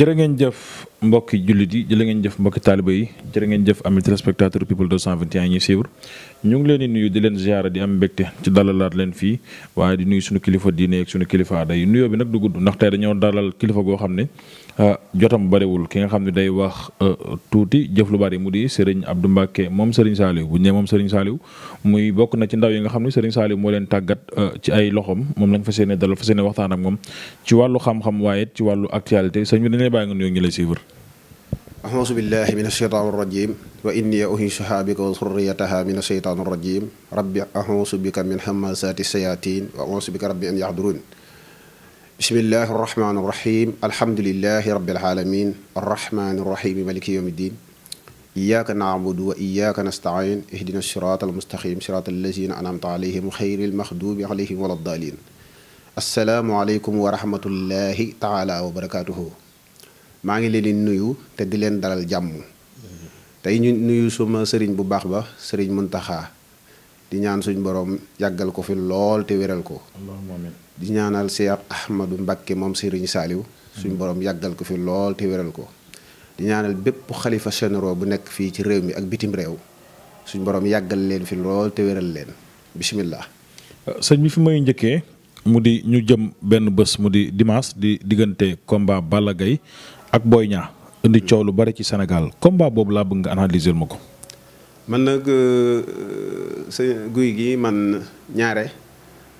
jërë ngeen jëf mbokki jullit yi jërë ngeen jëf mbokki taaliba yi jërë ngeen jëf amit téléspectateur people 221 ñuy suivre ñu ngi leen di nuyu di leen ziara di am mbégte ci dalalaat leen fii waaye di nuy suñu kilifa diine ak suñu kilifa aada yi nuyoo bi nag du gudd ndax tey dañoo dalal kilifa goo xam ne Euh, jotam bariwul ki nga xam ne day wax euh, tuuti jëf lu yi mu di Serigne Abdou Mbacke moom Serigne Saliou bu ñu moom Serigne Saliou muy bokk na ci ndaw yi nga xam ne Serigne Saliou moo leen tàggat euh, ci ay loxom moom lañ fas yéene dalal fas yéene waxtaan ak moom ci wàllu xam-xam waaye ci wàllu actualité sëñ bi dañ lay bàyyi nga nuyoo ngi lay suivre. ahmasu billahi min asheytaan arrajim wa inni uhiisuha bika wa surriyataha min asheytaan arrajim rabbi ahusu bika min hamasati sayatin wa ausu bika rabbi an yahdurun bismillahi arrahmani irrahim alhamdulilahi rabilalamin arrahmani irrahimi maliki yawm ddin iyaaka naabudu wa iyaaka nastain ihdina siraat almustaqim siraat allazina anamta alayhim xayri almaxdubi alayhim wala ddaalin asalaamualeykum wa rahmatullahi taala wa barakatuhu maa ngi leen di nuyu te di leen dalal jàmm tey ñu nuyu suma sëriñ bu baax ba sëriñ Muntaxa di ñaan suñu borom yàggal ko fi lool te wéral ko di ñaanal Cheikh Ahmadou Mbacké moom Serigne saaliw suñu boroom yàggal ko fi lool te wéral ko di ñaanal bépp xalifa généraux bu nekk fii ci réew mi ak bitim réew suñu borom yàggal leen fi lool te wéral leen bisimilah. sëñ bi fi may njëkkee mu di ñu jëm benn bés mu di dimanche di diggante combat Balla Gaye ak Boy Niang indi coow lu bari ci senegal combat boobu laa bëgg nga analyser ma ko. man nag euh, euh, sa guy gi man ñaare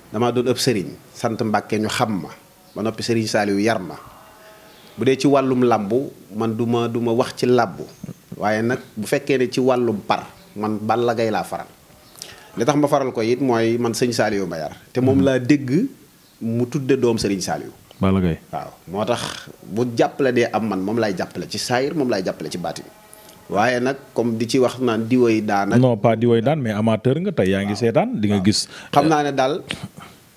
damaa doon ëpp sëriñ sant Mbàkke ñu xam ma ba noppi sëriñ Saaliw yar ma bu dee ci wàllum làmbu man du ma du ma wax ci làmbu waaye nag bu fekkee ne ci wàllum par man Balla Gaye laa faral li tax ma faral ko it mooy man sëñ Saaliw ma yar te moom mm-hmm. laa dégg mu tudde doom sëriñ Saaliw Balla Gaye waaw moo tax bu jàppale dee am man moom laay jàppale ci saayir moom laay jàppale ci baatin waaye nag comme di ci wax naan diwoy daan. non pas diwoy daan mais amateur nga tey yaa ngi seetaan di nga gis. xam euh, naa ne daal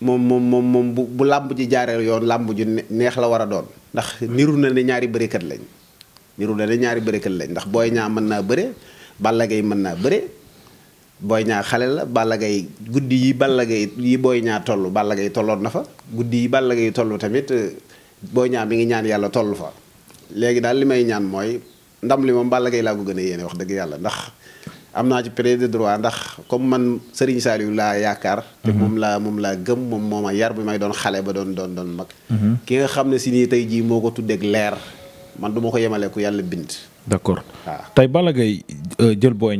moom moom moom moom bu bu làmb ji jaareel yoon làmb ju neex la war a doon. ndax niru na ne ñaari bërekat lañ niru na ne ñaari bërekat lañ ndax booy ñaa mën naa bëre Balla Gaye mën naa bëre booy Niang xale la Balla Gaye guddi yi Balla Gaye yi Boy Niang toll Balla Gaye tolloon na fa guddi yi Balla Gaye toll tamit euh, Boy Niang mi ngi ñaan yàlla toll fa léegi daal li may ñaan mooy. ndam li moom Balla Gaye laa ko gën a yéene wax dëgg yàlla ndax am naa ci près de droit ndax comme man Serigne Saliou laa yaakaar. te mhm. moom laa moom laa gëm moom moo ma yar bi may doon xale ba doon doon doon mag. Mhm. ki nga xam ne si nii tey jii moo ko tuddeeg leer man duma ko yemale ku yàlla bind. d'accord waaw tey Balla Gaye euh, jël Boy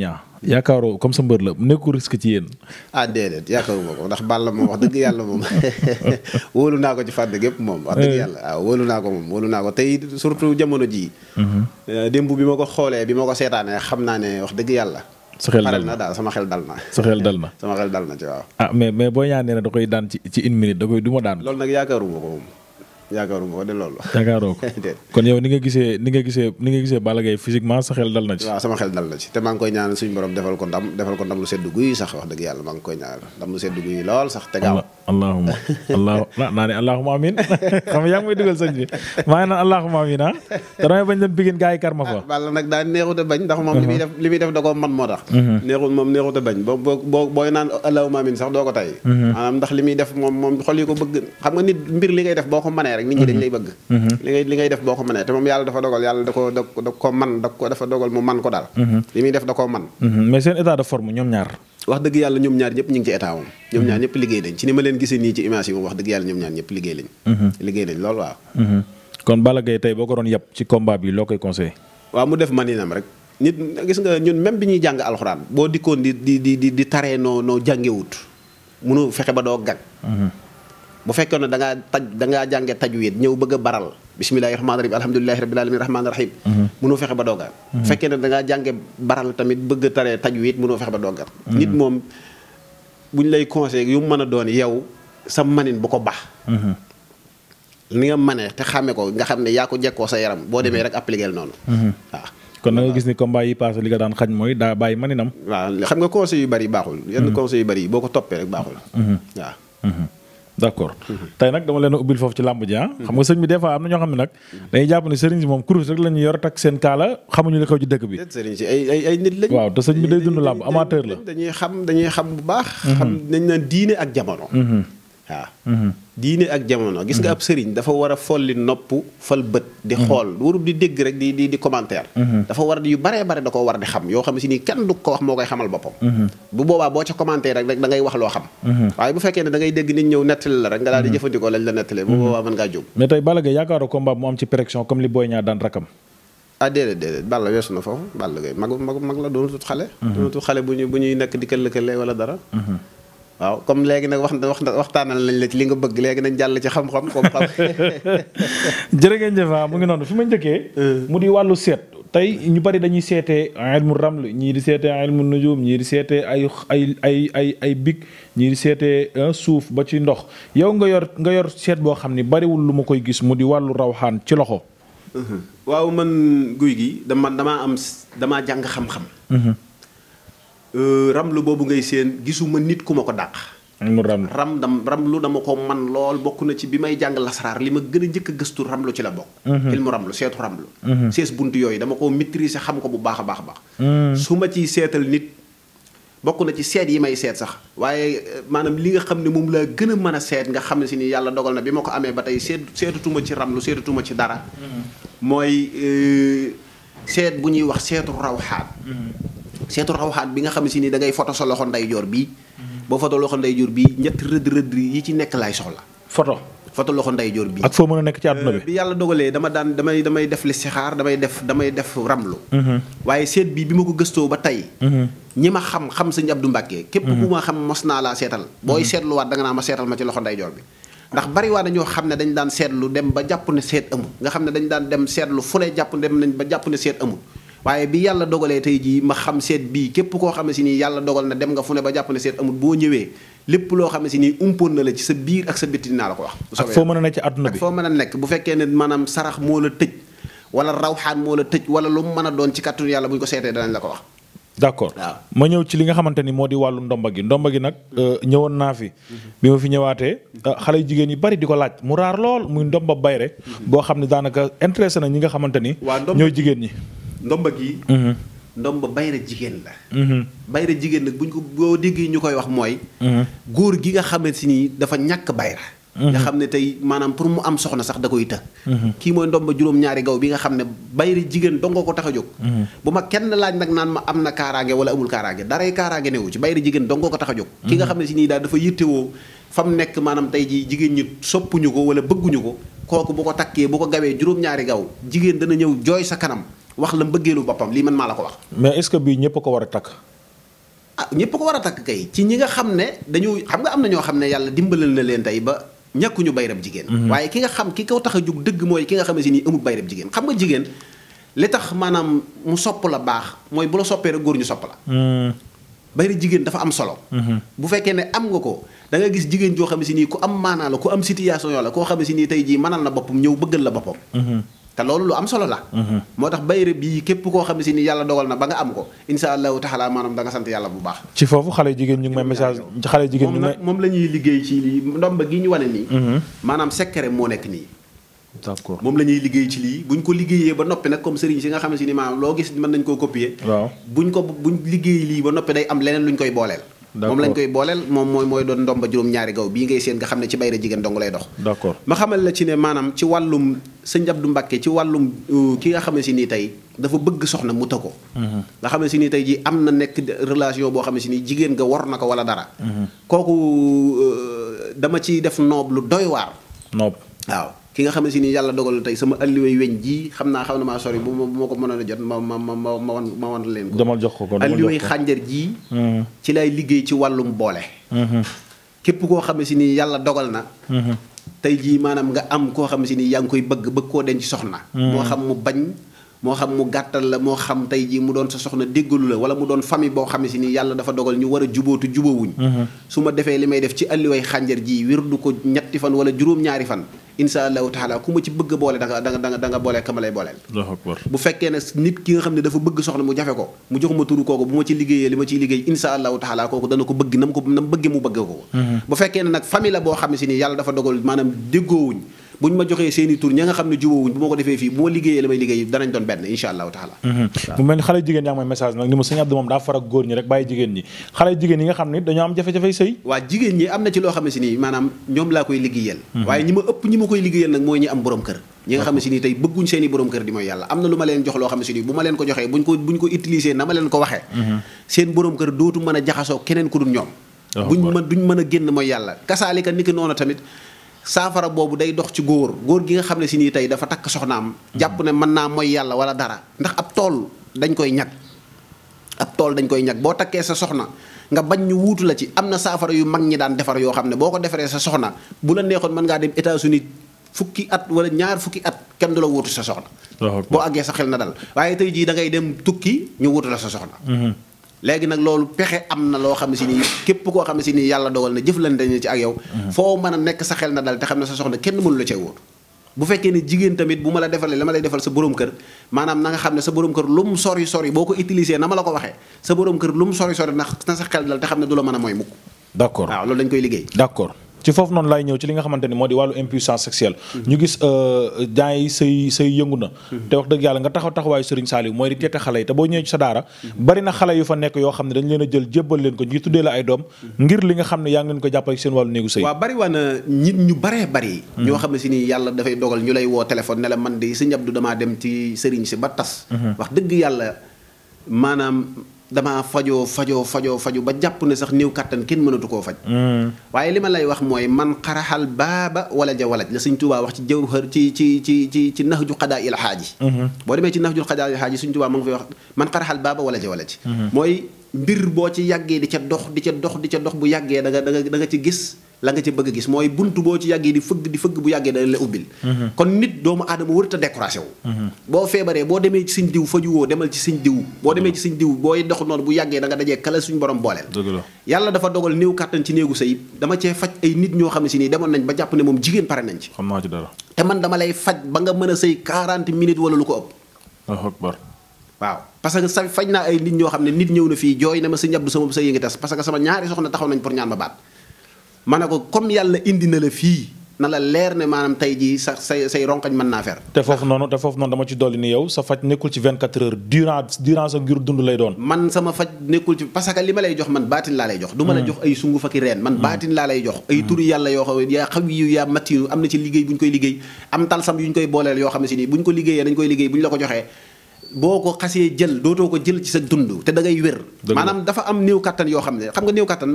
yaakaaroo comme sa mbër la nekku risque ci yéen. ah déedéet yaakaaruma ko ndax Balla moom wax dëgg yàlla moom wóolu naa ko ci fànn gépp moom. wax dëgg eh. yàlla ah, waaw naa ko moom wóolu naa ko tey surtout jamono jii. Mhm. Eh, démb bi ma ko xoolee bi ma ko seetaanee xam naa ne wax dëgg yàlla. sa xel dal na daal sama xel dal na. sa xel dal na sama xel dal na ci waaw. ah mais mais boo ñaanee ne da koy daan ci ci une minute da koy du ma daan. loolu nag yaakaaruma ko yaakaaruma ko de loolu. yaakaaroo ko kon yow ni nga gisee ni nga gisee ni nga gisee Balla Gaye physiquement sa xel dal na ci. waaw sama xel dal na ci te maa ngi koy ñaanal suñu borom defal ko ndam defal ko ndam lu sedd guy sax wax dëgg yàlla maa koy ñaanal ndam lu sedd guy lool sax. te gaaw amin xam ah. ah, a uh-huh. da koo man moo tax. Uh-huh. neexut moom neexut a bañ boo boo sax doo ko tay uh-huh. ndax li muy def moom moom ko bëgg xam nga nit mbir li ngay def boo ko manee waxee rek nit ñi dañ mhm. lay bëgg mhm. li ngay li ngay def boo ko mënee te moom yàlla dafa dogal yàlla da ko da da ko man da ko dafa dogal mu man ko daal mhm. li muy def da man mais seen état de ñoom ñaar wax dëgg yàlla ñoom ñaar ñëpp ñu ci état moom ñoom ñaar ñëpp yi moom rek nit gis nga ñun même bi ñuy jàng alxuraan boo dikkoon di di di di taree noo noo jàngewut munu fexe ba doo gag bu fekkee ne da ngaa taj da ngaa taj tajwid ñëw bëgg a baral bismillahi rahmaani rahim alhamdulilahi rabbil alamin rahmaani rahim mënoo mhm. fexe ba doogaan mhm. bu fekkee ne da ngaa jànge baral tamit bëgg a taree tajwid mënoo fexe ba doogaan mhm. nit moom bu ñu lay conseil yu mu mën a doon yow sa manin bu ko baax ni nga manee te xàmme ko nga xam ne yaa ko jekkoo sa yaram boo demee rek appliquer noonu waaw kon na nga gis ni ko combat yi passé li nga daan xaj mooy daa bàyyi maninam waaw xam nga conseil yu bari baaxul yenn conseil yu bari yi boo ko toppee rek baaxul waaw d' accord nag dama leen a ubbil foofu ci làmb ji ah xam nga sëñ bi des am na ñoo xam ne nag dañuy jàpp ne sëriñ si moom kurus rek la ñuy yor takk seen kaala xamuñu li xew ci dëkk bi waaw te sëñ bi day dund làmb amateur la dañuy xam dañuy xam bu baax mhm. xam nañ naan diine ak jamono mhm. waaw. Mhm. diine ak jamono. gis nga mhm. ab sëriñ dafa war a folli nopp fal bët. di mhm. xool warul di dégg rek di di di commentaire. dafa war yu baree bare da koo war di xam yoo xam si ni kenn du ko wax moo koy xamal boppam. bu boobaa boo ca commentaire rek rek da ngay wax loo xam. waaye bu fekkee ne da ngay dégg nit ñëw nettali la rek nga daal di jëfandikoo lañ la nettalee. bu boobaa mën ngaa jóg. mais tey Balla Gaye yaakaaru combat mu am ci pression comme li Boy Niang daan rakam. Ah, na foofu Balla Gaye mag mag mag la doonatut xale. doonatut xale bu ñuy bu ñuy nekk di waaw comme léegi nag wax wax waxtaanal nañ la ci li nga bëgg léegi nañ jàll ci xam-xam comme xam ah, mu ngi noonu fi ma njëkkee hmm. mu di wàllu seet tey ñu bari dañuy seetee ilmu raml ñii di seetee ilmu nujum ñii di seetee ay ay ay ay big ñii di seetee ah, suuf ba ci ndox yow nga yor nga yor seet boo xam ni bariwul lu ma koy gis mu di wàllu rawxaan ci loxo hmm. waaw man guy gi dama damaa am damaa jàng xam-xam hmm. Euh, ramlu boobu ngay séen gisuma nit ku ma ko dàq. mu ram ram dam ramlu dama ko man lool bokk na ci bi may jàng lasaraar li ma gën a jëkk a gëstu ramlu ci la bokk. Mhm. ilmu ramlu seetu ramlu. Mhm. bunt yooyu dama ko maîtriser xam ko bu baax a baax baax. Mhm. su ma ciy seetal nit bokk na ci seet yi may seet sax waaye euh, maanaam li nga xam ne moom laa gën a mën a seet nga xam si ni yàlla dogal na bi ma ko amee ba tey seet seetatuma ci ramlu seetatuma ci dara. mooy euh, seet bu ñuy wax seetu rawxaan. seetu rawxaat bi nga xam si ni da ngay foto sa loxo ndeyjoor bii. boo foto loxo ndeyjoor bii ñett rëdd rëdd yi ci nekk laay soxla. foto foto loxo ndeyjoor bii. ak foo mën a nekk ci àdduna bi. bi yàlla dogalee dama daan damay damay def listixaar damay def damay def ramlu. Mhm. waaye seet bi bi ma ko gëstoo ba tey. Mhm. ñi ma xam xam sëñ Abdou Mbacke. képp ku mhm. ma xam mos naa laa seetal. booy seetluwaat danga naa ma seetal ma ci loxo ndeyjoor bi. ndax bari waa dañoo xam ne dañ daan seetlu dem ba jàpp ne seet amul nga xam ne dañ daan dem seetlu fu ne jàpp dem nañ ba jàpp ne seet amul waaye bi yàlla dogalee tey jii ma xam seet bii képp koo xamante ne si nii yàlla dogal na dem nga fu ne ba jàpp ne seet amul boo ñëwee lépp loo xam ne si nii umpoon na la ci sa biir ak sa bitti naa la ko wax. ak foo mën a nekk ci àdduna bi mën a bu fekkee ne maanaam sarax moo la tëj wala rawxaan moo la tëj wala lu mu mën a doon ci kàttanu yàlla bu ñu ko seetee danañ la ko wax d'accord ma ñëw ci li nga xamante ni moo di wàllu ndomba gi ndomba gi nag euh, ñëwoon naa fi bi fi ñëwaatee euh, xale jigéen yi bari di ko laaj mu raar lool muy ndomba bayre mhm. boo xam ne daanaka intéressé na ñi nga xamante ni ñooy jigéen ñi ndomba gii. Mhm. ndomba bayra jigéen la. Mhm. bayra jigéen nag buñ ko boo déggee ñu koy wax mooy. Mhm. góor gi nga xamante ni dafa ñàkk bayra. nga xam ne tey maanaam pour mu am soxna sax da koy të. kii mooy ndomba juróom-ñaari gaw bi nga xam ne bayra jigéen dongoo ko tax a jóg. bu ma kenn laaj nag naan ma am na kaaraange wala amul kaaraange daray kaaraange newu ci bayra jigéen dongoo ko tax ki nga xam ne si nii daal dafa yittewoo fa mu nekk maanaam tey jii jigéen ñi soppuñu ko wala bëgguñu ko kooku bu ko takkee bu ko gawee juróom-ñaari gaw jigéen dana ñëw jooy sa kanam wax la mbëggeelu boppam lii man maa la ko wax. mais est bii ñëpp ko war a takk. ah ñëpp ko war a takk kay ci ñi nga xam ne dañu xam nga am na ñoo xam ne yàlla dimbalal na leen tey ba ñàkkuñu bayrab jigéen. Mhm. waaye ki nga xam ki ko tax a jug dëgg mooy ki nga xam ne si nii amul bayrab jigéen xam nga jigéen li tax maanaam mu sopp la baax mooy bu la soppee góor ñu sopp la. Mhm. jigéen dafa am solo. Mhm. bu fekkee ne am nga ko da nga gis jigéen joo xam ne si nii ku am maanaa la ku am situation yoo koo xam ne si nii tey jii mënal na boppam ñëw bëggal la boppam. te loolu lu am solo la. Mhm. moo tax bayre bii képp koo xam si ni yàlla dogal na ba nga am ko insha allahu taala maanaam da nga sant yàlla bu baax. ci foofu xale jigéen ñu ngi may message ci xale jigéen ñu moom la liggéey ci lii ndomba gi ñu wane nii. Mhm. maanaam secret moo nekk nii. d'accord moom la ñuy liggéey ci lii bu ko liggéeyee ba noppi nag comme sëriñ si nga xam ne si ni maanaam loo gis mën nañ koo copier. waaw ko bu liggéey lii ba noppi day am leneen lu ñu koy booleel. moom lañ koy booleel moom mooy mooy doon ndomba juróom-ñaari gaw bii ngay seen nga xam ne ci bayra jigéen dong lay dox d'accord ma xamal la ci ne maanaam ci wàllum sëñ Abdou Mbàkke ci wàllum euh, ki nga xam ne si nii tey dafa bëgg soxna mu ta ko mhm. nga xam ne si nii tey ji am na nekk relation boo xam ne si nii jigéen nga war na ko wala dara mhm. kooku euh, dama ci def noob lu doy waar noob waaw ki nga xamante ni yàlla dogal tey sama alliwey weñ ji xam naa xam na maa sori bu ma bu ma ko mënoon a jot ma ma ma ma ma wan ma wan leen ko. dama jox ko ko alliwey xànjar ji. Mm-hmm. ci lay liggéey ci wàllum boole. Mm-hmm. képp koo xamante ni yàlla dogal na. Mm-hmm. tey jii maanaam nga am koo xamante ni yaa ngi koy bëgg bëgg koo denc soxna. moo xam mu bañ. moo xam mu gàttal la moo xam tey jii mu doon sa soxna déggalu la wala mu doon famille boo xam ne yàlla dafa dogal a mm-hmm. ma defee li may def ci alliway xànjar ji wirdu ma a boole da nga da nga da nga boole ka ma lay maanaam déggoowuñ bu ñu ma joxee seen i tur ña nga xam ne jubóowuñ bu ma ko defee fii bu liggéeyee la may liggéey danañ doon benn insha allahu taala mhm. mu mel ni xale jigéen yaa ngi message nag ni ma sëñ Abdou moom daa far góor ñi rek bàyyi jigéen ñi xale jigéen yi nga xam ne dañoo am jafe-jafe sëy waa jigéen ñi am na ci loo xam si nii maanaam ñoom laa koy liggéeyal mhm. waaye ñi ma ëpp ñi ma koy liggéeyal nag mooy ñi am borom kër ñi nga xam si nii tey bëgguñ saafara boobu day dox ci góor góor gi nga xam ne si nii tey dafa takk soxnaam. jàpp ne mën naa mooy yàlla wala dara ndax ab tool dañ koy ñag ab tool dañ koy ñag boo takkee sa soxna nga bañ ñu wuutu la ci am na saafara yu mag ñi daan defar yoo xam ne boo ko defaree sa soxna bu la neexoon mën ngaa dem États-Unis fukki at wala ñaar fukki at kenn du la wuutu sa soxna. boo àggee sa xel na dal waaye tey jii dangay dem tukki ñu wuutu la sa soxna. Mm-hmm. léegi nag loolu pexe am na loo xam ne si nii képp koo xam ne si nii yàlla dogal na jëflante nañu ci ak yow. Mm-hmm. foo mën a nekk sa xel na dal te xam ne sa soxna kenn mënu la cay wóor. bu fekkee ne jigéen tamit bu ma la defalee la ma lay defal sa borom kër maanaam nanga xam ne sa borom kër lu mu sori sori boo ko utilisé na ma la ko waxee sa borom kër lu mu sori sori na sa xel dal te xam ne du la mën a mooy mukk. d'accord waaw loolu dañ koy liggéey d'accord ci foofu noonu laay ñëw ci li nga xamante ni moo di wàllu impuissance sexuelle mm-hmm. ñu gis daan euh, yi sëy sëy yëngu na mm-hmm. te wax dëgg yàlla nga taxaw taxawaayu Serigne Saliou mooy di teete xale yi te boo ñëwee sa daara mm-hmm. bari na xale yu fa nekk yoo xam ne dañ leen a jël jébbal leen ko ñu ay doom ngir li nga xam ne yaa ngi leen ko jàppale seen wàllu néegu sëy waa na nit ñu baree bari ñoo xam ne si nii yàlla dafay dogal ñu lay woo téléphone ne la man de sëñ Abdou damaa dem ci Serigne si ba tas wax dëgg yàlla maanaam damaa fajoo fajoo fajoo faju ba jàpp ne sax néew kàttan kenn mënatu koo faj hmm. waaye li ma lay wax mooy man xaraxal baaba wala ja walaj la Sëñ Tuubaa wax ci jawhar ci ci ci ci ci nax ju xadaa il xaaji hmm. boo demee ci nax ju xadaa il xaaji Sëñ Tuubaa ma ngi fay wax man xaraxal baaba wala ja walaj hmm. mooy mbir boo ci yàggee di ca dox di ca dox di ca dox bu yàggee da nga da nga da ci gis la nga ci bëgg a gis mooy buntu boo ci yàggee di fëgg di fëgg bu yàggee dana la ubbil mhm. kon nit doomu aadama warut a découragé wu mhm. boo feebaree boo demee ci sëñ diw fajuwoo demal ci sëñ diw boo demee mhm. ci sëñ diw booy dox noonu bu yàggee da nga dajee kala suñ borom booleel yàlla dafa dogal néew kàttan ci néegu sëy dama xam ne si nii nañ ba jàpp moom jigéen pare nañ ci xam naa ci dara te man dama lay faj ba nga mën a ay nit ñoo xam ne nit ñëw na fii jooy na ma sëñ Abdou sama sëy yi parce que sama ñaari soxna taxaw nañ pour ñaan ma baat ma ne ko comme yàlla indi na la fii na la leer ne maanaam tey jii sax say say ronkañ naa fer. te foofu noonu te foofu noonu dama ci dolli ni yow sa faj nekkul ci 24 heures durant durant sa ngir dund lay doon. man sama faj nekkul ci parce que li ma lay jox man baatin laa lay jox. du la hmm. jox ay sungu faki reen. man hmm. baatin laa lay jox. ay hmm. turu yàlla yoo xam yaa xaw yu am na ci liggéey bu ñu koy liggéey am talsam yu ñu koy booleel yoo xam ne si nii bu ko liggéeyee dañ koy liggéey bu ko joxee. boo ko sa dund te da ngay wér maanaam am néew kattan xam ne xam nga néew kattan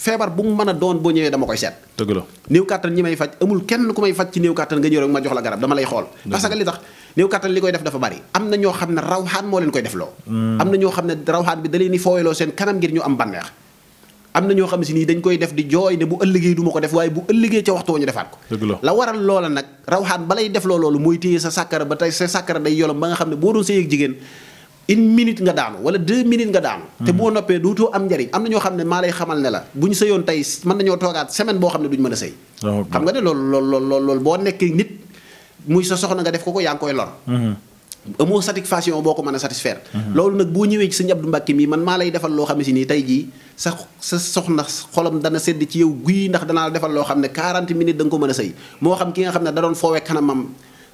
feebar bu mu mën a doon boo ñëwee dama koy seet dëgg la néew kàttan ñi may faj amul kenn ku may faj ci néew kàttan nga ñëw rek ma jox la garab dama lay xool parce que li tax néew li koy def dafa bari am na ñoo xam ne rawxaan moo leen koy def loo hmm. am na ñoo xam ne rawxaan bi da leen di fooyaloo seen kanam ngir ñu am bànneex am na ñoo xam si nii dañ koy def di jooy ne bu ëllëgee du ma ko def waaye bu ëllëgee ca waxtu ñu defaat ko la waral loola nag rawxaan balay def loo loolu mooy téye sa sàkkara ba tey sa sàkkara day yolom ba nga xam boo doon sëy ak jigéen une minute nga daanu wala deux minutes nga daanu. te boo noppee dootoo am njariñ am na ñoo xam ne maa lay xamal ne la bu ñu sëyoon tey mën nañoo toogaat semaine boo xam ne duñ mën a sëy. a mm-hmm. da nga ko a sëy moo xam ki nga xam ne da doon foowee kanamam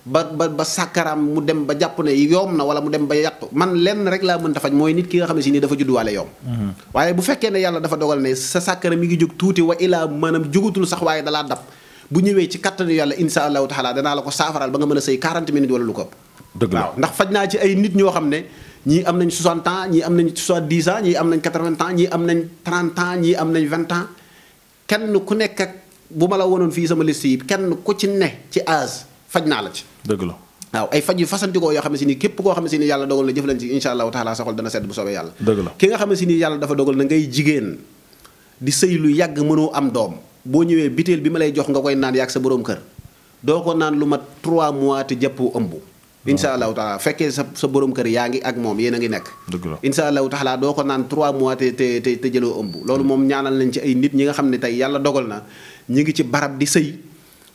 ba ba ba sàkkaraam mu dem ba jàpp ne yoom na wala mu dem ba yàq man lenn rek laa mën ta faj mooy nit ki nga xam ne si nii dafa judduwaale yoom mhm. waaye bu fekkee ne yàlla dafa dogal ne sa sàkkaraam mi ngi jóg tuuti wa ilaa maanaam jugatul sax waaye dalaa dab bu ñëwee ci kattanu yàlla insha allahu taala danaa la ko saafaral ba nga mën a sëy 40 minutes wala lu ko ndax faj naa ci ay nit ñoo xam ne ñii am nañ 60 ans ñii am nañ 70 ans ñii am nañ 80 ans ñii am nañ 30 ans ñii am nañ 20 ans ku nekk bu ma la wonoon fii sama liste yi kenn ku ci ne ci âge faj naa la ci dëgg la waaw ay faj yu fasantikoo yoo xam ne si nii képp koo xam ne si nii yàlla dogal na jëflan ci insha allahu taala sa xol dana sedd bu soobee la ki nga xam ne si ngay jigéen di sëy lu yàgg mënoo am doom boo ñëwee biteel bi ma lay jox nga koy naan yàgg sa boroom kër doo ko naan lu mat trois mois te jàppoo ëmb incha allahu taala fekkee sa sa borom kër yaa ngi ak moom yéen a ngi nekk incha allahu taala doo ko naan 3 mois te te te jëloo ëmb loolu mm. moom ñaanal nañ ci ay nit ñi nga xam ne tey yàlla dogal na ñi ngi ci barab di sëy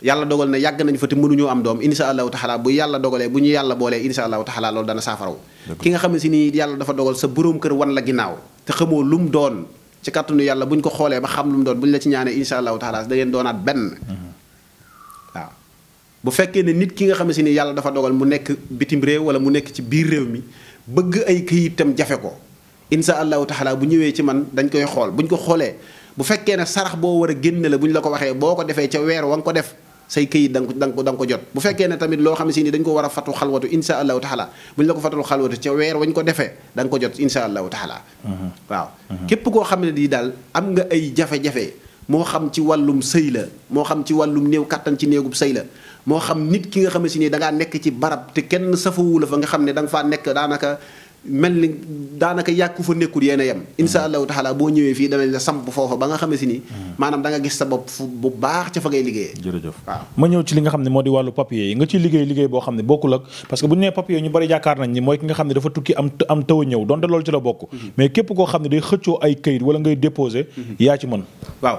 yàlla dogal na yàgg nañu fa te mënuñoo am doom insha allahu taxala bu yàlla dogalee bu ñu yàlla boolee insha allahu taxala loolu dana saafaraw ki nga xam ne si nii yàlla dafa dogal sa boróom kër wan la ginnaaw te xamoo lum doon ci kàttanu yàlla bu ñu ko xoolee ba xam lum doon bu ñu la ci ñaanee insha allahu taxala mm-hmm. bu fekkee ne nit ki nga xam ne yàlla dafa dogal mu nekk bitim réew wala mu nekk ci biir réew mi bëgg ay këyitam jafe ko insha allahu taxala bu ñëwee ci man dañ koy xool bu ñu ko xoolee bu fekkee ne sarax boo war a génne la bu ñu la ko waxee boo ko defee ca weer wa nga ko def say kayit danga ko danga ko danga jot bu fekkee ne tamit loo xam ne si ni dañ ko war a fatu xalwatu insha allahu taala bu ñu la ko fatul xalwatu ca weer wañ ko defee da ko jot insha allahu taala mm-hmm. waaw mm-hmm. képp koo xam ne di daal am nga ay jafe-jafe moo xam ci wàllum sëy la moo xam ci wàllum néew kàttan ci néegub sëy la moo xam nit ki nga xam ne si ni da ngaa nekk ci barab te kenn safawu la fa nga xam ne da nga faa nekk daanaka mel ni daanaka yàkku fa nekkul yéen a yem insha mm-hmm. allahu taala boo ñëwee fii danañ samp foofa ba nga xamee si ni mm-hmm. maanaam da gis sa bopp bu baax ca fa ngay liggéeyee ma ñëw ci li nga xam ne moo di wàllu papier yi nga ciy liggéey liggéey boo xam ne bokkul ak parce que bu ñu nee papier ñu bari yaakaar nañ mooy ki nga xam ne dafa tukki am am taw a ñëw donte loolu ci la bokk mm-hmm. mais képp koo xam ne day xëccoo ay këyit wala ngay déposé yaa ci mën waaw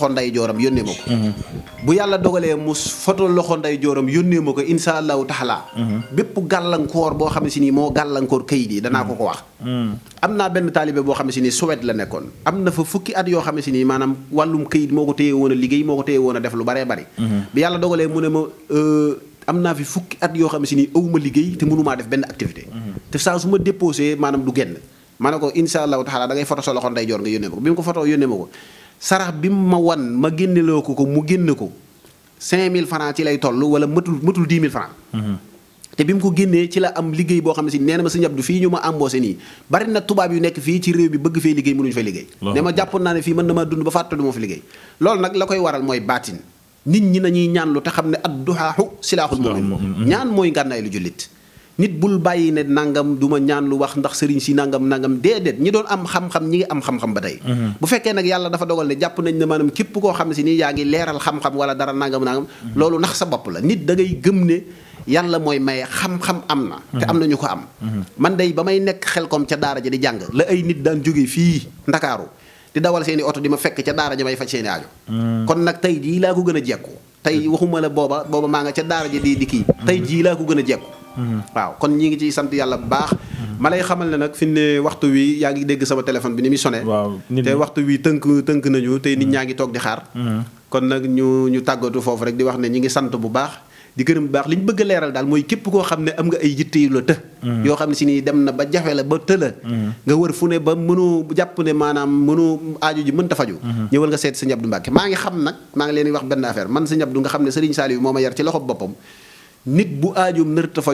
xam jooram yónnee ma ko bu yàlla dogalee mu foto loxo nday yónnee ma ko insha allahu taala bépp gàllankoor boo xam ne si nii moo gàllankoor kayit yi danaa ko ko wax am naa benn taalibe boo xam ne si nii Suède la nekkoon am na fa fukki at yoo xam ne si nii maanaam wàllum kayit moo ko téye woon a liggéey moo ko téye woon def lu baree bari bi yàlla dogalee mu ne ma euh, am naa fi fukki at yoo xam ne si nii awuma liggéey te mënumaa def benn activité te saa su ma déposé maanaam du génn ma ne ko sarax bi mu ma wan ma génneloo ko ko mu génne ko 5000 francs ci lay toll wala mëtul mëtul 10 000 francs mhm. te bi mu ko génnee ci la am liggéey boo xam ne si nee na ma sëñ Abdou fii ñu ma embauché nii bari na tubaab yu nekk fii ci réew bi bëgg fee liggéey mënuñu fay liggéey ne ma jàppoon naa ne fii mën na maa dund ba fàtte du ma fi liggéey loolu nag la koy waral mooy baatin nit ñi nañuy ñaan lu te xam ne ad duhaahu silaaxul mu'min mhm. ñaan mooy ngànnaay lu jullit nit bul bàyyi ne nangam du ma ñaan lu wax ndax sëriñ si nangam nangam déedéet ñi doon am xam-xam ngi am ba tey mhm. bu fekkee nag yàlla dafa dogal ne jàpp nañ ne maanaam képp koo xam ne si nii yaa ngi leeral xam-xam wala dara nangam nangam mhm. loolu nax sa bopp la nit da ngay gëm ne yàlla mooy maye xam-xam am na mhm. te am na ñu ko am man dey ba may nekk xel kom ca daara ji di jàng la ay nit daan jóge fii ndakaaru di dawal seeni oto di ma fekk ca daara ji may faj seeni aajo kon nag tey jii laa ko gën a jekku tey waxuma la booba booba maa nga ca daara ja di di kii mhm. tey jii laa ko gën a jekku mhm. waaw kon ñi ngi ciy sant yàlla bu baax mhm. ma lay xamal ne nag fi ne waxtu wi yaa ngi dégg sama téléphone bi ni muy sonné te waxtu wi tënk tënk nañu tey nit ñaa ngi toog di xaar kon nag ñu ñu tàggatu foofu rek di wax ne ñi ngi sant bu baax di gërëm bu baax li ñu bëgg a leeral daal mooy képp koo xam ne am nga ay yitte yu la të mm. yoo xam ne si nii dem na ba jafe la ba të la mm. nga wër fu ne ba mënu jàpp ne maanaam mënu aaju ji mën ta faju mm-hmm. ñëwal nga seet sëñ Abdou Mbacke maa ngi xam nag maa ngi leen di wax benn affaire man sëñ Abdou nga xam ne sëriñ Saliou moo ma yar ci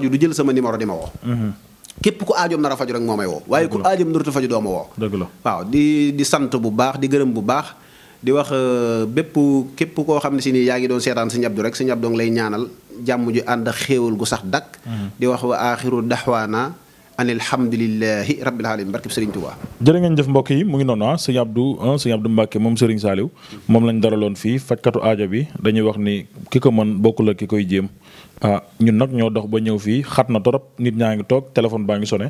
du jël sama numéro di ma woo mm-hmm. képp ku aajoom na a faju rek moo may woo waaye ku aajoom nër ta faju doo ma woo dëgg la waaw di sant bu baax di gërëm bu baax di wax euh, bépp képp koo xam ne si nii yaa ngi doon seetaan sëñ Abdou rek sëñ Abdou ngi lay ñaanal jàmm ju ànd ak xéewal gu sax dakk mhm. di wax wa aaxiru daxwaana alhamdulilahi rabbil alamin barkeb Serigne Touba jërë ngeen jëf mbokk yi mu ngi noonu ah sëñ Abdou ah, sëñ Abdou Mbacke moom Serigne Saliou moom lañ loon fii fajkatu aajo bi dañuy wax ni ki ko mën bokk ak ki koy jéem ah ñun nag ñoo dox ba ñëw fii xat na torop nit ñaa ngi toog téléphone baa ngi sone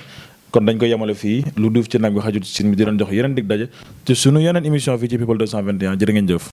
kon dañ ko yemale fii lu duuf ci nag bi xajut ci sin mi di leen jox yeneen dig daje ci sunu yeneen émission ngeen jëf